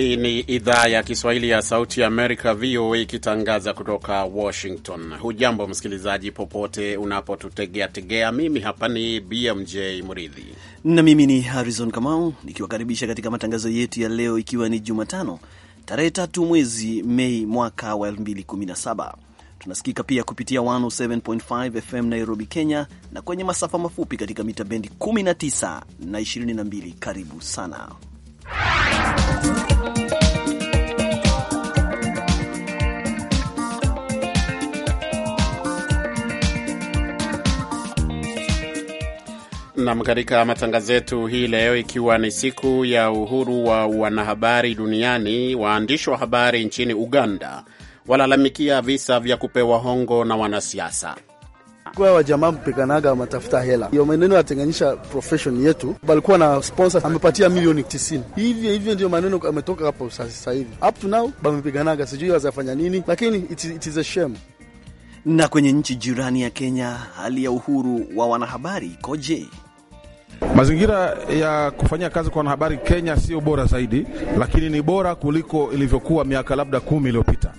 Hii ni idhaa ya Kiswahili ya Sauti ya Amerika, VOA, ikitangaza kutoka Washington. Hujambo msikilizaji, popote unapotutegea tegea. Mimi hapa ni BMJ Mridhi na mimi ni Harrison Kamau nikiwakaribisha katika matangazo yetu ya leo, ikiwa ni Jumatano tarehe tatu mwezi Mei mwaka wa 2017. Tunasikika pia kupitia 107.5 FM Nairobi, Kenya, na kwenye masafa mafupi katika mita bendi 19 na 22. Karibu sana Nam, katika matangazo yetu hii leo, ikiwa ni siku ya uhuru wa wanahabari duniani, waandishi wa habari nchini Uganda walalamikia visa vya kupewa hongo na wanasiasa. Kwa wa jamaa mpiganaga matafuta hela. Hiyo maneno yatenganisha profession yetu. Balikuwa na sponsor amepatia milioni 90. Hivyo hivyo ndio maneno ametoka hapo sasa hivi. Up to now bamepiganaga sijui wazafanya nini lakini it, it is a shame. Na kwenye nchi jirani ya Kenya hali ya uhuru wa wanahabari ikoje? Mazingira ya kufanyia kazi kwa wanahabari Kenya sio bora zaidi, lakini ni bora kuliko ilivyokuwa miaka labda kumi iliyopita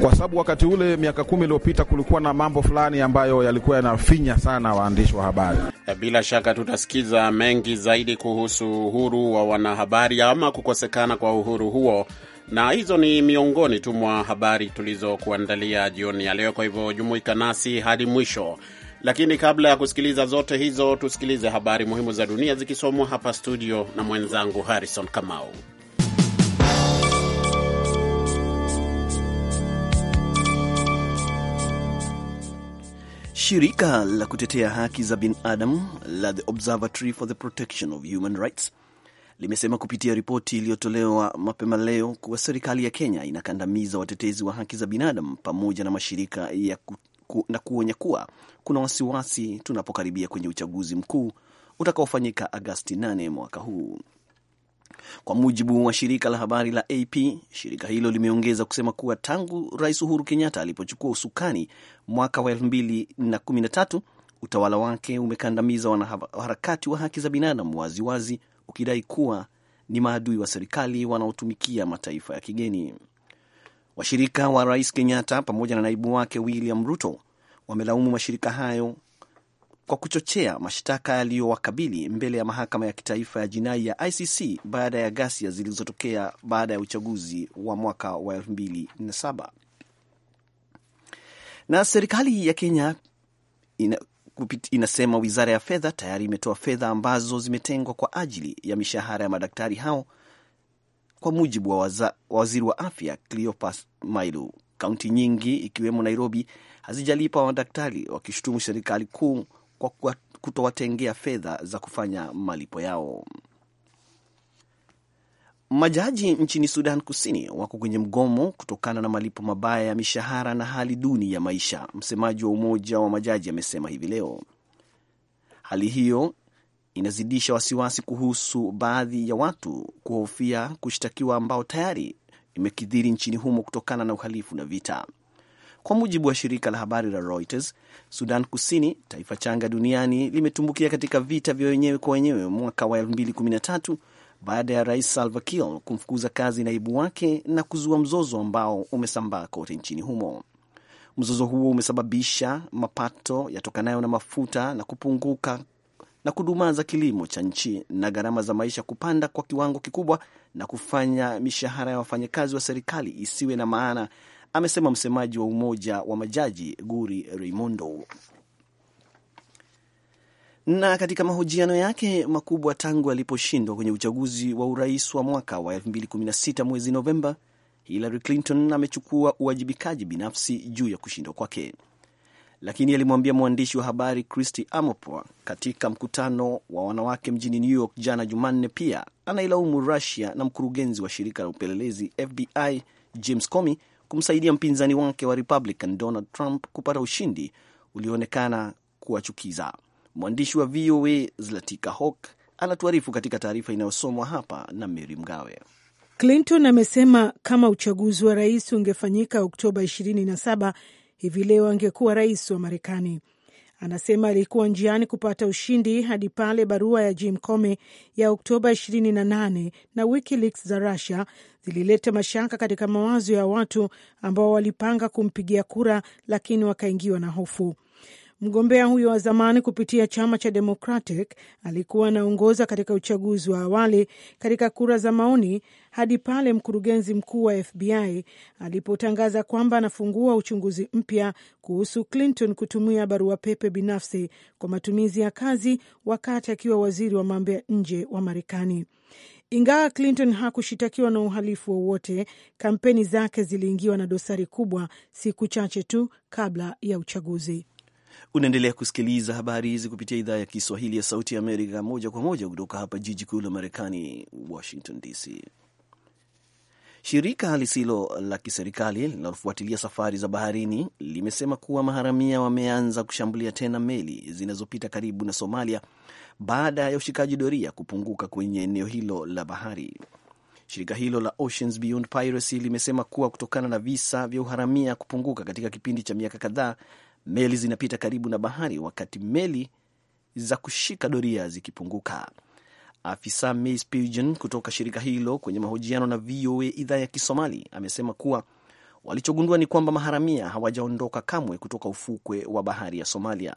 kwa sababu wakati ule miaka kumi iliyopita kulikuwa na mambo fulani ambayo yalikuwa yanafinya sana waandishi wa habari. Eh, bila shaka tutasikiza mengi zaidi kuhusu uhuru wa wanahabari ama kukosekana kwa uhuru huo, na hizo ni miongoni tu mwa habari tulizokuandalia jioni ya leo. Kwa hivyo jumuika nasi hadi mwisho, lakini kabla ya kusikiliza zote hizo, tusikilize habari muhimu za dunia zikisomwa hapa studio na mwenzangu Harrison Kamau. Shirika la kutetea haki za binadamu la The Observatory for the Protection of Human Rights limesema kupitia ripoti iliyotolewa mapema leo kuwa serikali ya Kenya inakandamiza watetezi wa haki za binadamu pamoja na mashirika ya ku, ku, na kuonya kuwa kuna wasiwasi tunapokaribia kwenye uchaguzi mkuu utakaofanyika Agasti 8 mwaka huu. Kwa mujibu wa shirika la habari la AP, shirika hilo limeongeza kusema kuwa tangu Rais Uhuru Kenyatta alipochukua usukani mwaka wa 2013 utawala wake umekandamiza wanaharakati wa haki za binadamu waziwazi, ukidai kuwa ni maadui wa serikali wanaotumikia mataifa ya kigeni. Washirika wa Rais Kenyatta pamoja na naibu wake William Ruto wamelaumu mashirika hayo kwa kuchochea mashtaka yaliyowakabili mbele ya mahakama ya kitaifa ya jinai ya ICC baada ya ghasia zilizotokea baada ya uchaguzi wa mwaka wa 2007. Na serikali ya Kenya ina, inasema wizara ya fedha tayari imetoa fedha ambazo zimetengwa kwa ajili ya mishahara ya madaktari hao kwa mujibu wa waza, waziri wa afya Cleopas Mailu. Kaunti nyingi ikiwemo Nairobi hazijalipa madaktari, wakishutumu serikali kuu kwa kutowatengea fedha za kufanya malipo yao. Majaji nchini Sudan Kusini wako kwenye mgomo kutokana na malipo mabaya ya mishahara na hali duni ya maisha. Msemaji wa Umoja wa Majaji amesema hivi leo hali hiyo inazidisha wasiwasi kuhusu baadhi ya watu kuhofia kushtakiwa ambao tayari imekithiri nchini humo kutokana na uhalifu na vita. Kwa mujibu wa shirika la habari la Reuters, Sudan Kusini, taifa changa duniani, limetumbukia katika vita vya wenyewe kwa wenyewe mwaka wa 2013 baada ya Rais Salva Kiir kumfukuza kazi naibu wake na kuzua mzozo ambao umesambaa kote nchini humo. Mzozo huo umesababisha mapato yatokanayo na mafuta na kupunguka na kudumaza kilimo cha nchi na gharama za maisha kupanda kwa kiwango kikubwa na kufanya mishahara ya wafanyakazi wa serikali isiwe na maana amesema msemaji wa umoja wa majaji Guri Raimondo. Na katika mahojiano yake makubwa tangu aliposhindwa kwenye uchaguzi wa urais wa mwaka wa 2016 mwezi Novemba, Hillary Clinton amechukua uwajibikaji binafsi juu ya kushindwa kwake, lakini alimwambia mwandishi wa habari christi amopo katika mkutano wa wanawake mjini New York jana Jumanne. Pia anailaumu Rusia na mkurugenzi wa shirika la upelelezi FBI James Comey kumsaidia mpinzani wake wa Republican Donald Trump kupata ushindi ulioonekana kuwachukiza. Mwandishi wa VOA Zlatika Hawk anatuarifu katika taarifa inayosomwa hapa na mery Mgawe. Clinton amesema kama uchaguzi wa rais ungefanyika Oktoba 27 hivi leo angekuwa rais wa Marekani. Anasema alikuwa njiani kupata ushindi hadi pale barua ya Jim Comey ya Oktoba 28 na WikiLeaks za Russia zilileta mashaka katika mawazo ya watu ambao walipanga kumpigia kura, lakini wakaingiwa na hofu. Mgombea huyo wa zamani kupitia chama cha Democratic alikuwa anaongoza katika uchaguzi wa awali katika kura za maoni hadi pale mkurugenzi mkuu wa FBI alipotangaza kwamba anafungua uchunguzi mpya kuhusu Clinton kutumia barua pepe binafsi kwa matumizi ya kazi wakati akiwa waziri wa mambo ya nje wa Marekani. Ingawa Clinton hakushitakiwa na uhalifu wowote, kampeni zake ziliingiwa na dosari kubwa siku chache tu kabla ya uchaguzi. Unaendelea kusikiliza habari hizi kupitia idhaa ya Kiswahili ya Sauti ya Amerika, moja kwa moja kutoka hapa jiji kuu la Marekani, Washington DC. Shirika lisilo la kiserikali linalofuatilia safari za baharini limesema kuwa maharamia wameanza kushambulia tena meli zinazopita karibu na Somalia baada ya ushikaji doria kupunguka kwenye eneo hilo la bahari. Shirika hilo la Oceans Beyond Piracy limesema kuwa kutokana na visa vya uharamia kupunguka katika kipindi cha miaka kadhaa, Meli zinapita karibu na bahari, wakati meli za kushika doria zikipunguka. Afisa Mace Pigeon kutoka shirika hilo kwenye mahojiano na VOA idhaa ya Kisomali amesema kuwa walichogundua ni kwamba maharamia hawajaondoka kamwe kutoka ufukwe wa bahari ya Somalia.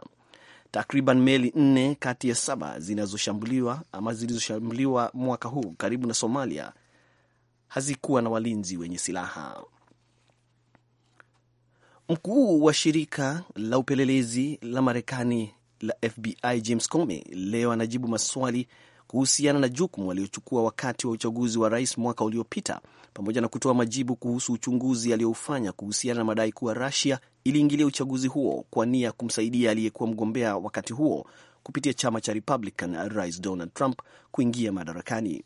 Takriban meli nne kati ya saba zinazoshambuliwa ama zilizoshambuliwa mwaka huu karibu na Somalia hazikuwa na walinzi wenye silaha. Mkuu wa shirika la upelelezi la Marekani la FBI James Comey leo anajibu maswali kuhusiana na jukumu aliyochukua wakati wa uchaguzi wa rais mwaka uliopita pamoja na kutoa majibu kuhusu uchunguzi aliyoufanya kuhusiana na madai kuwa Russia iliingilia uchaguzi huo kwa nia ya kumsaidia aliyekuwa mgombea wakati huo kupitia chama cha Republican, Rais Donald Trump kuingia madarakani.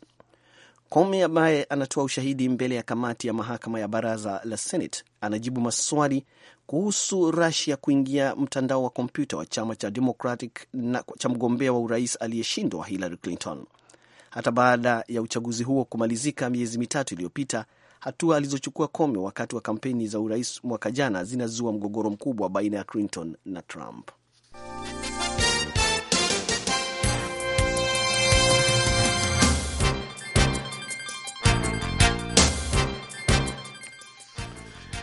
Comey ambaye anatoa ushahidi mbele ya kamati ya mahakama ya baraza la Senate anajibu maswali kuhusu rusia kuingia mtandao wa kompyuta wa chama cha Democratic na cha mgombea wa urais aliyeshindwa Hillary Clinton. Hata baada ya uchaguzi huo kumalizika miezi mitatu iliyopita, hatua alizochukua Comey wakati wa kampeni za urais mwaka jana zinazua mgogoro mkubwa baina ya Clinton na Trump.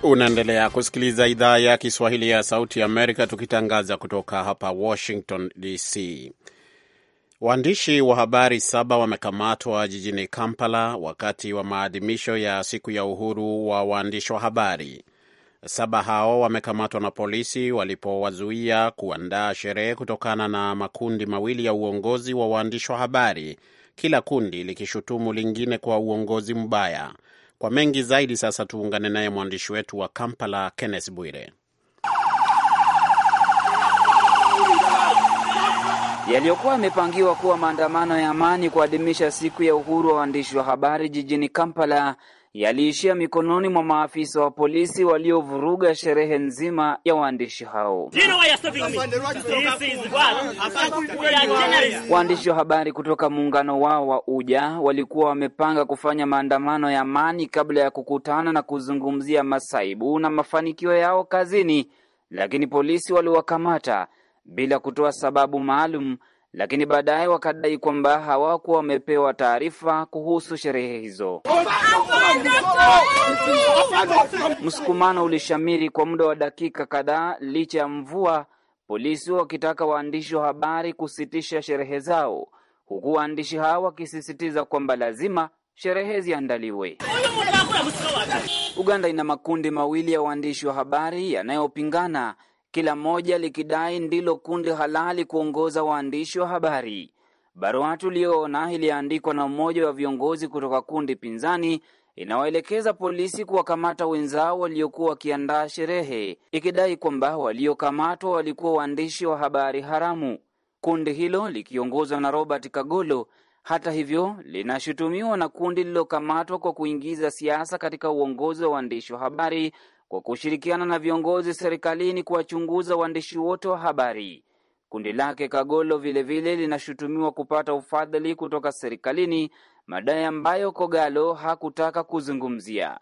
Unaendelea kusikiliza idhaa ya Kiswahili ya Sauti ya Amerika, tukitangaza kutoka hapa Washington DC. Waandishi wa habari saba wamekamatwa jijini Kampala wakati wa maadhimisho ya siku ya uhuru wa waandishi wa habari. Saba hao wamekamatwa na polisi walipowazuia kuandaa sherehe kutokana na makundi mawili ya uongozi wa waandishi wa habari, kila kundi likishutumu lingine kwa uongozi mbaya. Kwa mengi zaidi, sasa tuungane naye mwandishi wetu wa Kampala, Kenneth Bwire. Yaliyokuwa yamepangiwa kuwa maandamano ya amani kuadhimisha siku ya uhuru wa waandishi wa habari jijini Kampala yaliishia mikononi mwa maafisa wa polisi waliovuruga sherehe nzima ya waandishi hao. Waandishi wa habari kutoka muungano wao wa Uja walikuwa wamepanga kufanya maandamano ya amani kabla ya kukutana na kuzungumzia masaibu na mafanikio yao kazini, lakini polisi waliwakamata bila kutoa sababu maalum lakini baadaye wakadai kwamba hawakuwa wamepewa taarifa kuhusu sherehe hizo. Msukumano ulishamiri kwa muda wa dakika kadhaa, licha ya mvua, polisi wakitaka waandishi wa habari kusitisha sherehe zao, huku waandishi hao wakisisitiza kwamba lazima sherehe ziandaliwe. Uganda ina makundi mawili ya waandishi wa habari yanayopingana kila moja likidai ndilo kundi halali kuongoza waandishi wa habari. Barua tuliyoona iliandikwa na mmoja wa viongozi kutoka kundi pinzani inawaelekeza polisi kuwakamata wenzao waliokuwa wakiandaa sherehe, ikidai kwamba waliokamatwa walikuwa waandishi wa habari haramu. Kundi hilo likiongozwa na Robert Kagolo, hata hivyo, linashutumiwa na kundi lililokamatwa kwa kuingiza siasa katika uongozi wa waandishi wa habari kwa kushirikiana na viongozi serikalini kuwachunguza waandishi wote wa habari. Kundi lake Kagolo vilevile linashutumiwa kupata ufadhili kutoka serikalini, madai ambayo Kogalo hakutaka kuzungumzia.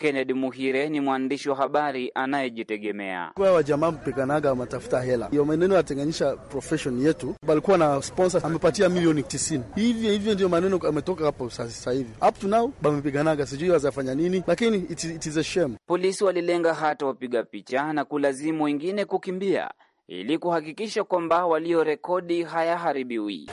Kennedy Muhire ni mwandishi wa habari anayejitegemea. Kwa wajamaa mpiganaga matafuta hela. Hiyo maneno yatenganisha profession yetu. Balikuwa na sponsor amepatia milioni tisini Hivyo hivyo ndio maneno ametoka hapo sasa hivi. Up to now bamepiganaga sijui wazafanya nini lakini it, it is a shame. Polisi walilenga hata wapiga picha na kulazimu wengine kukimbia ili kuhakikisha kwamba waliorekodi hayaharibiwi.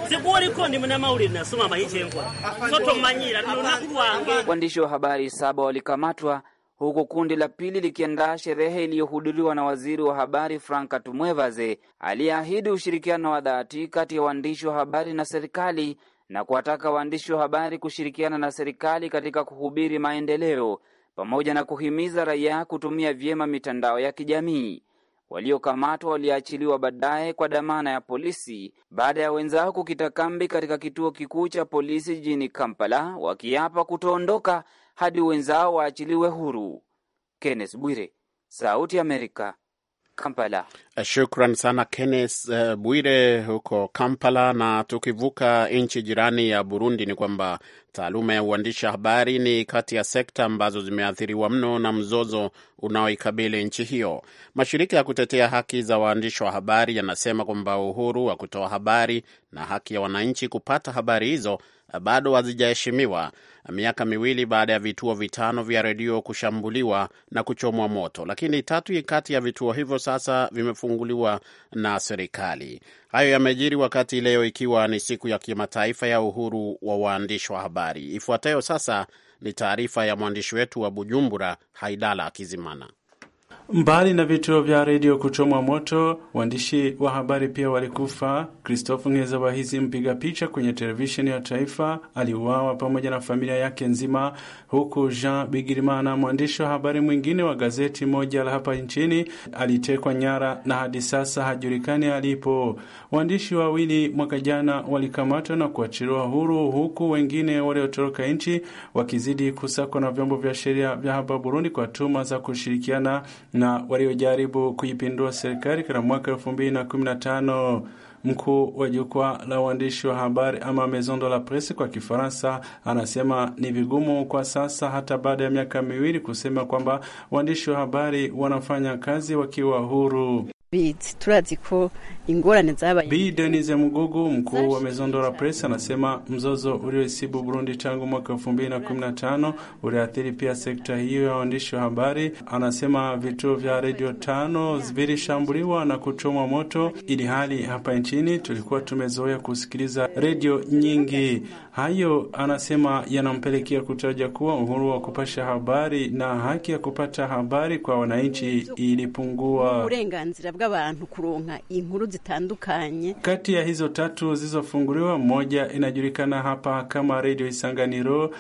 Waandishi wa habari saba walikamatwa huku kundi la pili likiandaa sherehe iliyohudhuriwa na waziri wa habari Franka Tumwevaze aliyeahidi ushirikiano wa dhati kati ya waandishi wa habari na serikali na kuwataka waandishi wa habari kushirikiana na serikali katika kuhubiri maendeleo pamoja na kuhimiza raia kutumia vyema mitandao ya kijamii. Waliokamatwa waliachiliwa baadaye kwa dhamana ya polisi baada ya wenzao kukita kambi katika kituo kikuu cha polisi jijini Kampala, wakiapa kutoondoka hadi wenzao waachiliwe huru. Kenneth Bwire, Sauti ya Amerika, Kampala. Eh, shukran sana Kenneth eh, Bwire huko Kampala. Na tukivuka nchi jirani ya Burundi, ni kwamba taaluma ya uandishi habari ni kati ya sekta ambazo zimeathiriwa mno na mzozo unaoikabili nchi hiyo. Mashirika ya kutetea haki za waandishi wa habari yanasema kwamba uhuru wa kutoa habari na haki ya wananchi kupata habari hizo bado hazijaheshimiwa miaka miwili baada ya vituo vitano vya redio kushambuliwa na kuchomwa moto, lakini tatu kati ya vituo hivyo sasa vimefunguliwa na serikali. Hayo yamejiri wakati leo ikiwa ni siku ya kimataifa ya uhuru wa waandishi wa habari. Ifuatayo sasa ni taarifa ya mwandishi wetu wa Bujumbura, Haidala Kizimana. Mbali na vituo vya redio kuchomwa moto, waandishi wa habari pia walikufa. Christophe Nkezabahizi, mpiga picha kwenye televisheni ya taifa, aliuawa pamoja na familia yake nzima, huku Jean Bigirimana, mwandishi wa habari mwingine wa gazeti moja la hapa nchini, alitekwa nyara na hadi sasa hajulikani alipo. Waandishi wawili mwaka jana walikamatwa na kuachiliwa huru, huku wengine waliotoroka nchi wakizidi kusakwa na vyombo vya sheria vya hapa Burundi kwa tuma za kushirikiana na waliojaribu kuipindua serikali katika mwaka elfu mbili na kumi na tano. Mkuu wa jukwaa la uandishi wa habari ama Maison de la Presse kwa Kifaransa anasema ni vigumu kwa sasa, hata baada ya miaka miwili, kusema kwamba waandishi wa habari wanafanya kazi wakiwa huru. Denise Mugugu, mkuu wa Maison de anasema mzozo ulioisibu Burundi tangu mwaka 2015 uliathiri pia sekta hiyo ya waandishi wa habari. Anasema vituo vya redio tano vilishambuliwa na kuchomwa moto, ili hali hapa nchini tulikuwa tumezoea kusikiliza redio nyingi. Hayo anasema yanampelekea kutaja kuwa uhuru wa kupasha habari na haki ya kupata habari kwa wananchi ilipungua bw'abantu kuronka inkuru zitandukanye. Kati ya hizo tatu zizofunguriwa moja inajulikana hapa kama Redio Isanganiro.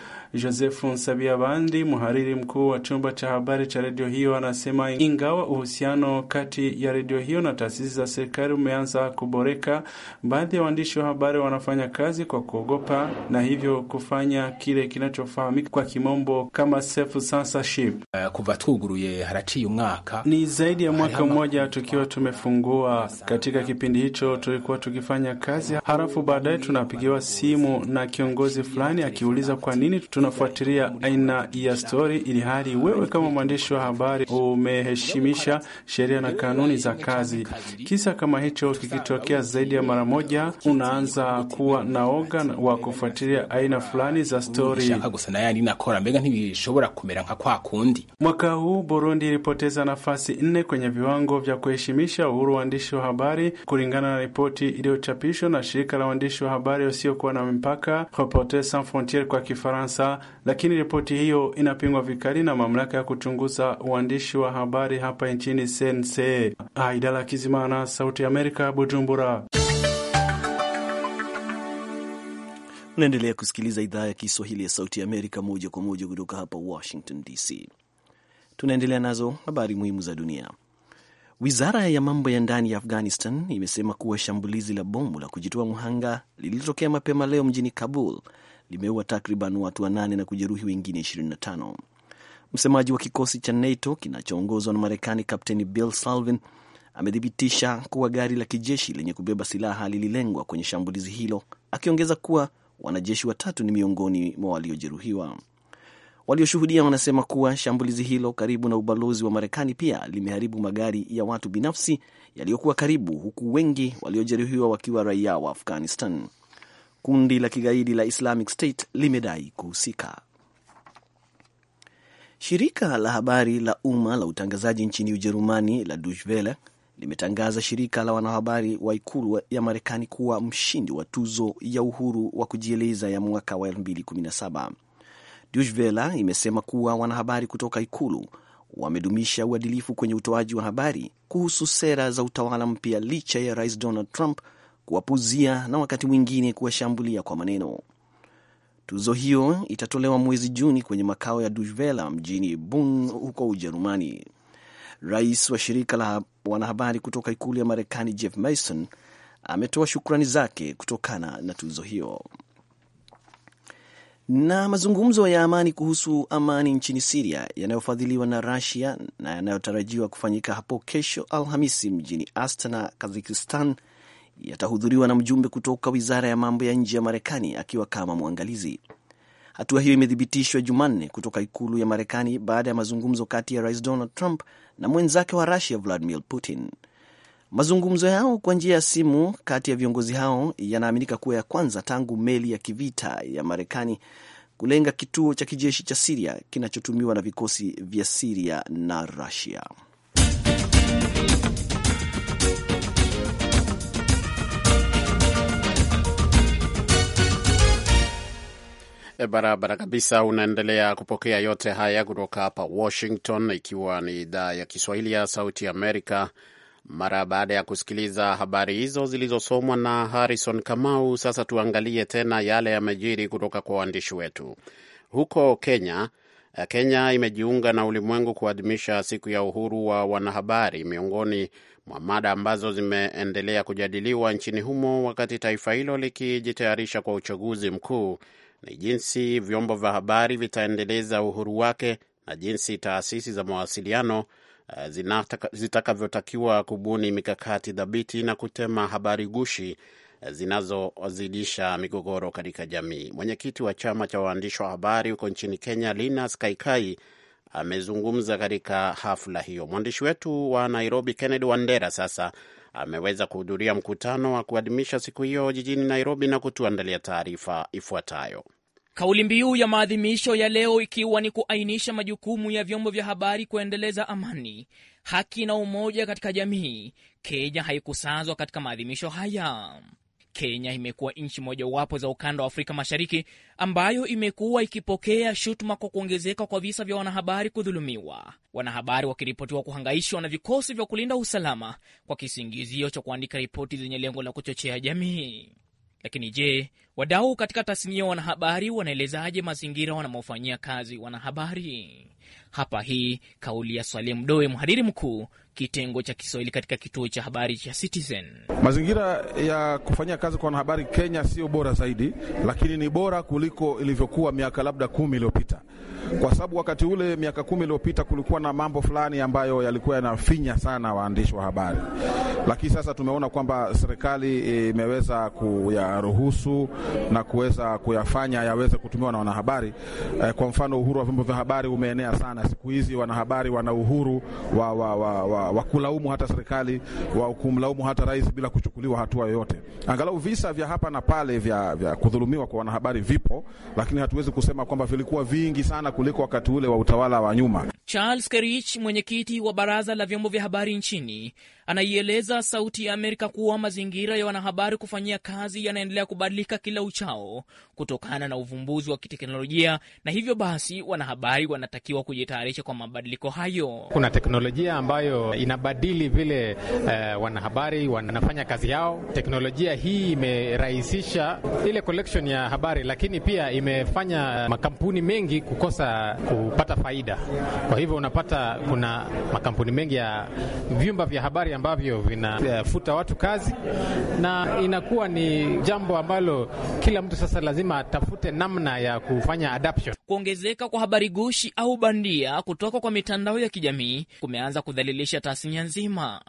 nsabia bandi mhariri mkuu wa chumba cha habari cha redio hiyo, anasema ingawa uhusiano kati ya redio hiyo na taasisi za serikali umeanza kuboreka, baadhi ya waandishi wa habari wanafanya kazi kwa kuogopa na hivyo kufanya kile kinachofahamika kwa kimombo kama self censorship. Uh, eh, kuva tuguruye haraciye umwaka ni zaidi ya mwaka mmoja tukiwa tumefungua. Katika kipindi hicho tulikuwa tukifanya kazi, halafu baadaye tunapigiwa simu na kiongozi fulani akiuliza kwa nini tunafuatilia aina ya stori, ili hali wewe kama mwandishi wa habari umeheshimisha sheria na kanuni za kazi. Kisa kama hicho kikitokea zaidi ya mara moja, unaanza kuwa na oga wa kufuatilia aina fulani za stori. Mwaka huu Burundi ilipoteza nafasi nne kwenye viwango vya kuheshimisha kuadhimisha uhuru wa waandishi wa habari kulingana na ripoti iliyochapishwa na shirika la waandishi wa habari wasiokuwa na mipaka Reporters Sans Frontieres kwa Kifaransa, lakini ripoti hiyo inapingwa vikali na mamlaka ya kuchunguza uandishi wa habari hapa nchini CNC. Aidala Kizimana, Sauti ya Amerika, Bujumbura. Unaendelea kusikiliza idhaa ya Kiswahili ya Sauti ya Amerika moja kwa moja kutoka hapa Washington DC. Tunaendelea nazo habari muhimu za dunia. Wizara ya mambo ya ndani ya Afghanistan imesema kuwa shambulizi la bomu la kujitoa mhanga lililotokea mapema leo mjini Kabul limeua takriban watu wanane na kujeruhi wengine 25. Msemaji wa kikosi cha NATO kinachoongozwa na Marekani, Kapteni Bill Salvin, amethibitisha kuwa gari la kijeshi lenye kubeba silaha lililengwa kwenye shambulizi hilo, akiongeza kuwa wanajeshi watatu ni miongoni mwa waliojeruhiwa. Walioshuhudia wanasema kuwa shambulizi hilo karibu na ubalozi wa Marekani pia limeharibu magari ya watu binafsi yaliyokuwa karibu, huku wengi waliojeruhiwa wakiwa raia wa Afghanistan. Kundi la kigaidi la Islamic State limedai kuhusika. Shirika la habari la umma la utangazaji nchini Ujerumani la Deutsche Welle limetangaza shirika la wanahabari wa ikulu ya Marekani kuwa mshindi wa tuzo ya uhuru wa kujieleza ya mwaka wa Dujvela imesema kuwa wanahabari kutoka ikulu wamedumisha uadilifu kwenye utoaji wa habari kuhusu sera za utawala mpya licha ya rais Donald Trump kuwapuzia na wakati mwingine kuwashambulia kwa maneno. Tuzo hiyo itatolewa mwezi Juni kwenye makao ya Dujvela mjini Bonn huko Ujerumani. Rais wa shirika la wanahabari kutoka ikulu ya Marekani Jeff Mason ametoa shukrani zake kutokana na tuzo hiyo. Na mazungumzo ya amani kuhusu amani nchini Siria yanayofadhiliwa na Rusia na yanayotarajiwa kufanyika hapo kesho Alhamisi mjini Astana, Kazakistan, yatahudhuriwa na mjumbe kutoka wizara ya mambo ya nje ya Marekani akiwa kama mwangalizi. Hatua hiyo imethibitishwa Jumanne kutoka ikulu ya Marekani baada ya mazungumzo kati ya Rais Donald Trump na mwenzake wa Rusia Vladimir Putin. Mazungumzo yao kwa njia ya simu kati ya viongozi hao yanaaminika kuwa ya kwanza tangu meli ya kivita ya Marekani kulenga kituo cha kijeshi cha Siria kinachotumiwa na vikosi vya Siria na Rusia. E, barabara kabisa. Unaendelea kupokea yote haya kutoka hapa Washington, ikiwa ni idhaa ya Kiswahili ya Sauti Amerika mara baada ya kusikiliza habari hizo zilizosomwa na Harrison Kamau, sasa tuangalie tena yale yamejiri kutoka kwa waandishi wetu huko Kenya. Kenya imejiunga na ulimwengu kuadhimisha siku ya uhuru wa wanahabari. Miongoni mwa mada ambazo zimeendelea kujadiliwa nchini humo wakati taifa hilo likijitayarisha kwa uchaguzi mkuu ni jinsi vyombo vya habari vitaendeleza uhuru wake na jinsi taasisi za mawasiliano Eh, zitakavyotakiwa kubuni mikakati thabiti na kutema habari gushi eh, zinazozidisha migogoro katika jamii. Mwenyekiti wa chama cha waandishi wa habari huko nchini Kenya, Linas Kaikai, amezungumza katika hafla hiyo. Mwandishi wetu wa Nairobi, Kennedy Wandera, sasa ameweza kuhudhuria mkutano wa kuadhimisha siku hiyo jijini Nairobi na kutuandalia taarifa ifuatayo. Kauli mbiu ya maadhimisho ya leo ikiwa ni kuainisha majukumu ya vyombo vya habari kuendeleza amani, haki na umoja katika jamii. Kenya haikusazwa katika maadhimisho haya. Kenya imekuwa nchi mojawapo za ukanda wa Afrika Mashariki ambayo imekuwa ikipokea shutuma kwa kuongezeka kwa visa vya wanahabari kudhulumiwa, wanahabari wakiripotiwa kuhangaishwa na vikosi vya kulinda usalama kwa kisingizio cha kuandika ripoti zenye lengo la kuchochea jamii. Lakini je, wadau katika tasnia ya wanahabari wanaelezaje mazingira wanamofanyia kazi wanahabari? Hapa hii kauli ya Salim Doe, mhariri mkuu kitengo cha Kiswahili katika kituo cha habari cha Citizen. Mazingira ya kufanyia kazi kwa wanahabari Kenya sio bora zaidi, lakini ni bora kuliko ilivyokuwa miaka labda kumi iliyopita, kwa sababu wakati ule miaka kumi iliyopita kulikuwa na mambo fulani ambayo yalikuwa yanafinya sana waandishi wa habari, lakini sasa tumeona kwamba serikali imeweza kuyaruhusu na kuweza kuyafanya yaweze kutumiwa na wanahabari. Eh, kwa mfano, uhuru wa vyombo vya habari umeenea sana siku hizi, wanahabari wana uhuru wa, wa, wa, wa wa kulaumu hata serikali wa kumlaumu hata rais bila kuchukuliwa hatua yoyote. Angalau visa vya hapa na pale vya, vya kudhulumiwa kwa wanahabari vipo, lakini hatuwezi kusema kwamba vilikuwa vingi sana kuliko wakati ule wa utawala wa nyuma. Charles Kerich, mwenyekiti wa baraza la vyombo vya habari nchini, Anaieleza Sauti ya Amerika kuwa mazingira ya wanahabari kufanyia kazi yanaendelea kubadilika kila uchao kutokana na uvumbuzi wa kiteknolojia, na hivyo basi wanahabari wanatakiwa kujitayarisha kwa mabadiliko hayo. Kuna teknolojia ambayo inabadili vile uh, wanahabari wanafanya kazi yao. Teknolojia hii imerahisisha ile collection ya habari, lakini pia imefanya makampuni mengi kukosa kupata faida. Kwa hivyo unapata kuna makampuni mengi ya vyumba vya habari ambavyo vinafuta watu kazi, na inakuwa ni jambo ambalo kila mtu sasa lazima atafute namna ya kufanya adaption. Kuongezeka kwa habari gushi au bandia kutoka kwa mitandao ya kijamii kumeanza kudhalilisha tasnia nzima.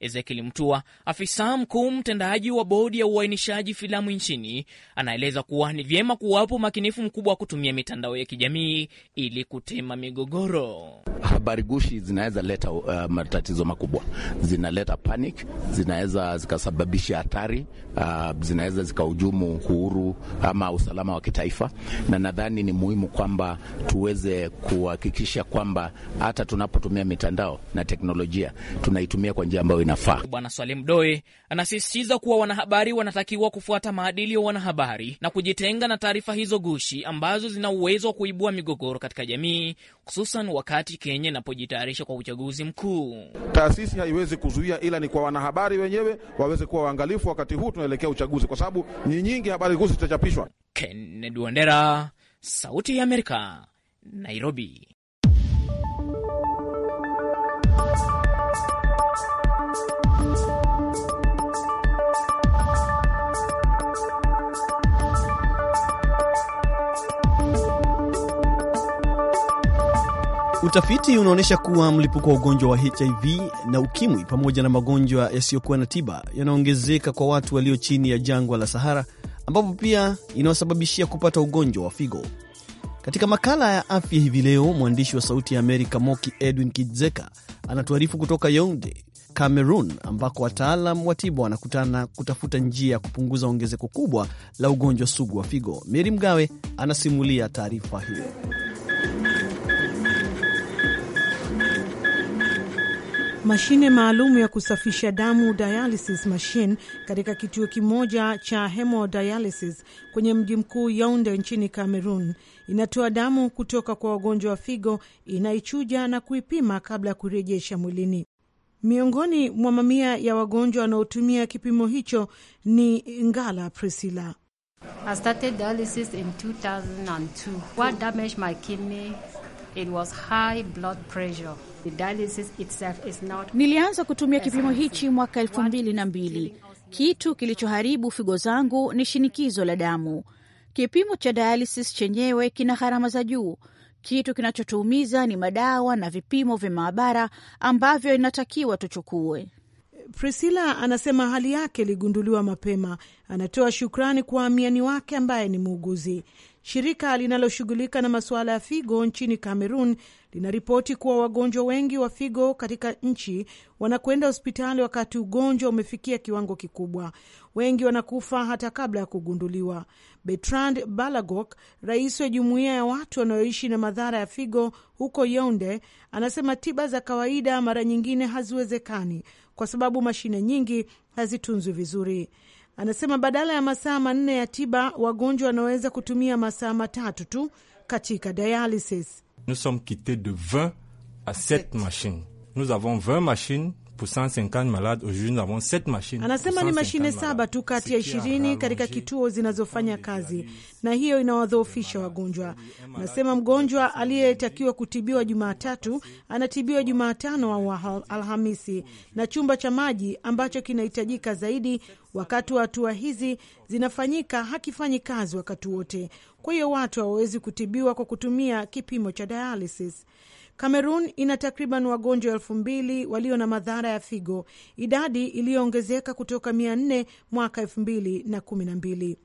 Ezekiel Mtua, afisa mkuu mtendaji wa bodi ya uainishaji filamu nchini, anaeleza kuwa ni vyema kuwapo umakinifu mkubwa wa kutumia mitandao ya kijamii ili kutema migogoro. Habari gushi zinaweza leta uh, matatizo makubwa, zinaleta panic, zinaweza zikasababisha hatari uh, zinaweza zikahujumu uhuru ama usalama wa kitaifa, na nadhani ni muhimu kwamba tuweze kuhakikisha kwamba hata tunapotumia mitandao na teknolojia tunaitumia kwa njia ambayo inafaa. Bwana Salim Doe anasisitiza kuwa wanahabari wanatakiwa kufuata maadili ya wanahabari na kujitenga na taarifa hizo gushi ambazo zina uwezo wa kuibua migogoro katika jamii, hususan wakati Kenya inapojitayarisha kwa uchaguzi mkuu. Taasisi haiwezi kuzuia, ila ni kwa wanahabari wenyewe waweze kuwa waangalifu wakati huu tunaelekea uchaguzi, kwa sababu ni nyingi habari gushi zitachapishwa. Kennedy Wandera, Sauti ya Amerika, Nairobi. Utafiti unaonyesha kuwa mlipuko wa ugonjwa wa HIV na ukimwi pamoja na magonjwa yasiyokuwa na tiba yanaongezeka kwa watu walio chini ya jangwa la Sahara, ambapo pia inawasababishia kupata ugonjwa wa figo. Katika makala ya afya hivi leo, mwandishi wa Sauti ya Amerika Moki Edwin Kidzeka anatuarifu kutoka Yaounde, Cameroon, ambako wataalam wa tiba wanakutana kutafuta njia ya kupunguza ongezeko kubwa la ugonjwa sugu wa figo. Meri Mgawe anasimulia taarifa hiyo. Mashine maalum ya kusafisha damu dialysis machine katika kituo kimoja cha hemodialysis kwenye mji mkuu Yaunde nchini Cameroon inatoa damu kutoka kwa wagonjwa wa figo, inaichuja na kuipima kabla ya kuirejesha mwilini. Miongoni mwa mamia ya wagonjwa wanaotumia kipimo hicho ni Ngala Priscilla. Nilianza kutumia kipimo hichi mwaka elfu mbili na mbili. Kitu kilichoharibu figo zangu ni shinikizo la damu. Kipimo cha dialysis chenyewe kina gharama za juu. Kitu kinachotuumiza ni madawa na vipimo vya maabara ambavyo inatakiwa tuchukue. Priscilla anasema hali yake iligunduliwa mapema. Anatoa shukrani kwa amiani wake ambaye ni muuguzi. Shirika linaloshughulika na masuala ya figo nchini cameron linaripoti kuwa wagonjwa wengi wa figo katika nchi wanakwenda hospitali wakati ugonjwa umefikia kiwango kikubwa. Wengi wanakufa hata kabla ya kugunduliwa. Bertrand Balagok, rais wa jumuiya ya watu wanaoishi na madhara ya figo huko Yaunde, anasema tiba za kawaida mara nyingine haziwezekani kwa sababu mashine nyingi hazitunzwi vizuri. Anasema badala ya masaa manne ya tiba, wagonjwa wanaweza kutumia masaa matatu tu katika dialysis. Nous sommes quittes de 20 a 7 machines. Nous avons 20 machines 150 malades aujourd'hui nous avons 7 machines. Anasema ni mashine saba tu kati ya 20 katika kituo zinazofanya kazi, na hiyo inawadhoofisha wagonjwa. Anasema mgonjwa aliyetakiwa kutibiwa Jumatatu anatibiwa Jumatano au Alhamisi, na chumba cha maji ambacho kinahitajika zaidi wakati wa hatua hizi zinafanyika hakifanyi kazi wakati wote. Kwa hiyo watu hawawezi kutibiwa kwa kutumia kipimo cha dialysis. Kamerun ina takriban wagonjwa elfu mbili walio na madhara ya figo, idadi iliyoongezeka kutoka mia nne mwaka elfu mbili na kumi na mbili.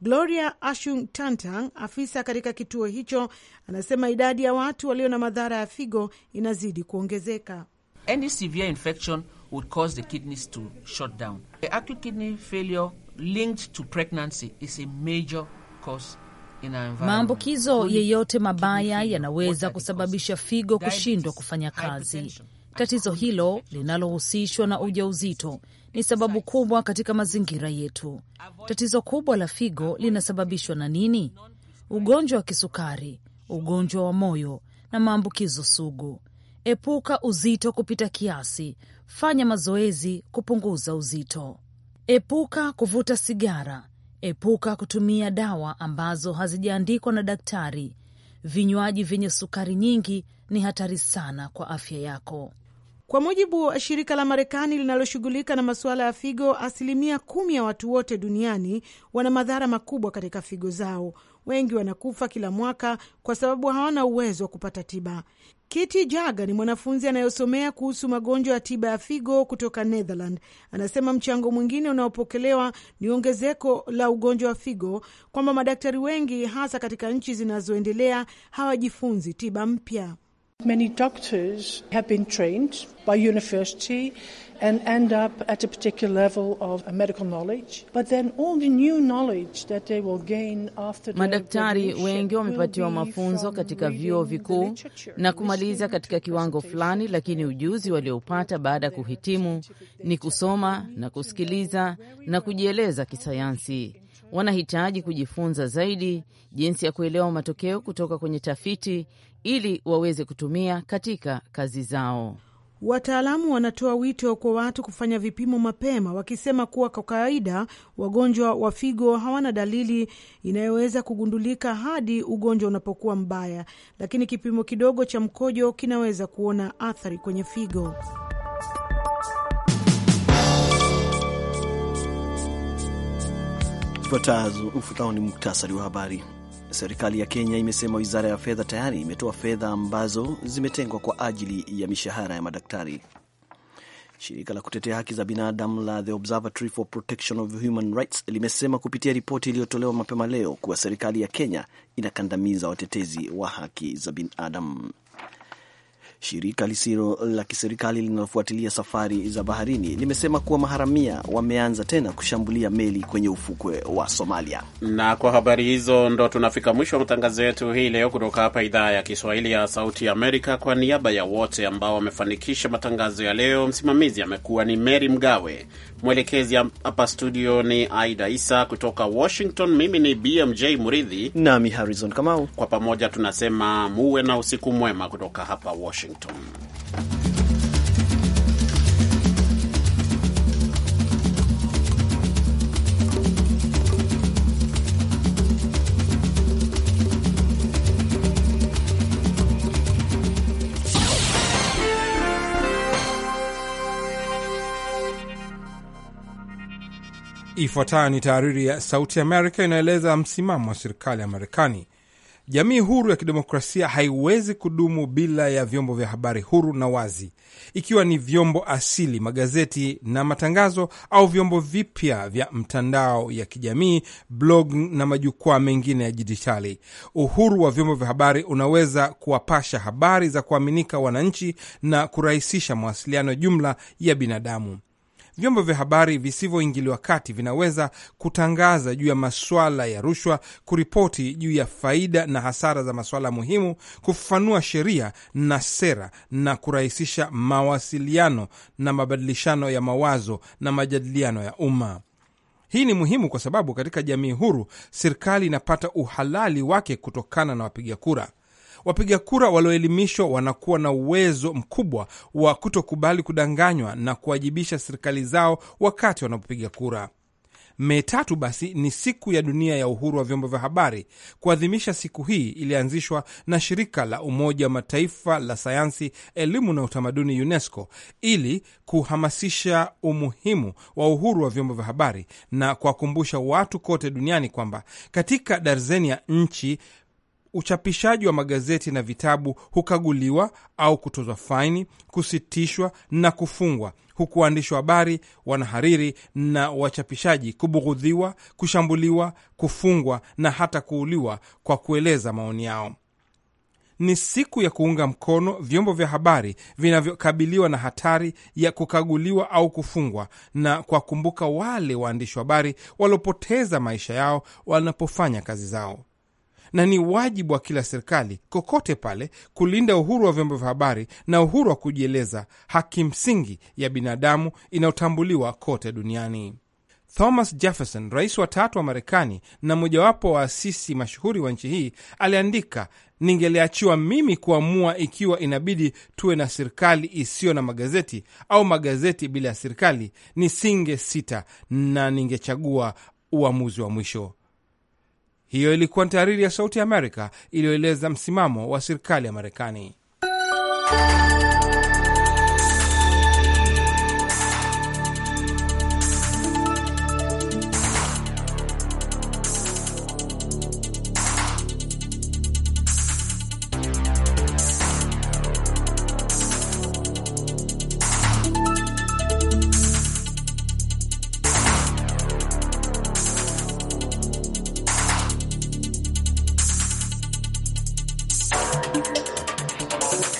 Gloria Ashung Tantang, afisa katika kituo hicho, anasema idadi ya watu walio na madhara ya figo inazidi kuongezeka. Any severe infection would cause the kidneys to shut down. The acute kidney failure linked to pregnancy is a major cause Maambukizo yeyote mabaya yanaweza kusababisha figo kushindwa kufanya kazi. Tatizo hilo linalohusishwa na ujauzito ni sababu kubwa katika mazingira yetu. Tatizo kubwa la figo linasababishwa na nini? Ugonjwa wa kisukari, ugonjwa wa moyo na maambukizo sugu. Epuka uzito kupita kiasi, fanya mazoezi kupunguza uzito. Epuka kuvuta sigara, Epuka kutumia dawa ambazo hazijaandikwa na daktari. Vinywaji vyenye sukari nyingi ni hatari sana kwa afya yako. Kwa mujibu wa shirika la Marekani linaloshughulika na masuala ya figo, asilimia kumi ya watu wote duniani wana madhara makubwa katika figo zao. Wengi wanakufa kila mwaka kwa sababu hawana uwezo wa kupata tiba. Kiti Jaga ni mwanafunzi anayosomea kuhusu magonjwa ya tiba ya figo kutoka Netherland. Anasema mchango mwingine unaopokelewa ni ongezeko la ugonjwa wa figo, kwamba madaktari wengi hasa katika nchi zinazoendelea hawajifunzi tiba mpya. Many doctors have been trained by university and end up at a particular level of medical knowledge, but then all the new knowledge that they will gain after. Madaktari wengi wamepatiwa mafunzo katika vyuo vikuu na kumaliza katika kiwango fulani, lakini ujuzi walioupata baada ya kuhitimu ni kusoma na kusikiliza na kujieleza kisayansi wanahitaji kujifunza zaidi jinsi ya kuelewa matokeo kutoka kwenye tafiti ili waweze kutumia katika kazi zao. Wataalamu wanatoa wito kwa watu kufanya vipimo mapema, wakisema kuwa kwa kawaida wagonjwa wa figo hawana dalili inayoweza kugundulika hadi ugonjwa unapokuwa mbaya, lakini kipimo kidogo cha mkojo kinaweza kuona athari kwenye figo. Ufuatao ni muktasari wa habari. Serikali ya Kenya imesema wizara ya fedha tayari imetoa fedha ambazo zimetengwa kwa ajili ya mishahara ya madaktari. Shirika la kutetea haki za binadamu la The Observatory for Protection of Human Rights limesema kupitia ripoti iliyotolewa mapema leo kuwa serikali ya Kenya inakandamiza watetezi wa haki za binadamu. Shirika lisilo la kiserikali linalofuatilia safari za baharini limesema kuwa maharamia wameanza tena kushambulia meli kwenye ufukwe wa Somalia. Na kwa habari hizo ndo tunafika mwisho wa matangazo yetu hii leo kutoka hapa idhaa ya Kiswahili ya Sauti ya Amerika. Kwa niaba ya wote ambao wamefanikisha matangazo ya leo, msimamizi amekuwa ni Meri Mgawe, Mwelekezi hapa studio ni Aida Isa kutoka Washington. Mimi ni BMJ Muridhi nami Harrison Kamau, kwa pamoja tunasema muwe na usiku mwema kutoka hapa Washington. Ifuatayo ni taariri ya Sauti Amerika inaeleza msimamo wa serikali ya Marekani. Jamii huru ya kidemokrasia haiwezi kudumu bila ya vyombo vya habari huru na wazi, ikiwa ni vyombo asili, magazeti na matangazo, au vyombo vipya vya mtandao ya kijamii, blog na majukwaa mengine ya dijitali. Uhuru wa vyombo vya habari unaweza kuwapasha habari za kuaminika wananchi na kurahisisha mawasiliano jumla ya binadamu vyombo vya habari visivyoingiliwa kati vinaweza kutangaza juu ya maswala ya rushwa, kuripoti juu ya faida na hasara za maswala muhimu, kufafanua sheria na sera, na kurahisisha mawasiliano na mabadilishano ya mawazo na majadiliano ya umma. Hii ni muhimu kwa sababu katika jamii huru serikali inapata uhalali wake kutokana na wapiga kura wapiga kura walioelimishwa wanakuwa na uwezo mkubwa wa kutokubali kudanganywa na kuwajibisha serikali zao wakati wanapopiga kura. Mei tatu basi ni siku ya dunia ya uhuru wa vyombo vya habari. Kuadhimisha siku hii ilianzishwa na shirika la Umoja wa Mataifa la sayansi, elimu na utamaduni, UNESCO, ili kuhamasisha umuhimu wa uhuru wa vyombo vya habari na kuwakumbusha watu kote duniani kwamba katika darzeni ya nchi uchapishaji wa magazeti na vitabu hukaguliwa au kutozwa faini, kusitishwa na kufungwa, huku waandishi wa habari, wanahariri na wachapishaji kubughudhiwa, kushambuliwa, kufungwa na hata kuuliwa kwa kueleza maoni yao. Ni siku ya kuunga mkono vyombo vya habari vinavyokabiliwa na hatari ya kukaguliwa au kufungwa na kuwakumbuka wale waandishi wa habari waliopoteza maisha yao wanapofanya kazi zao na ni wajibu wa kila serikali kokote pale kulinda uhuru wa vyombo vya habari na uhuru wa kujieleza, haki msingi ya binadamu inayotambuliwa kote duniani. Thomas Jefferson, rais wa tatu wa Marekani na mojawapo wa asisi mashuhuri wa nchi hii, aliandika, ningeliachiwa mimi kuamua ikiwa inabidi tuwe na serikali isiyo na magazeti au magazeti bila ya serikali, nisinge sita na ningechagua uamuzi wa mwisho. Hiyo ilikuwa ni tahariri ya Sauti ya Amerika iliyoeleza msimamo wa serikali ya Marekani.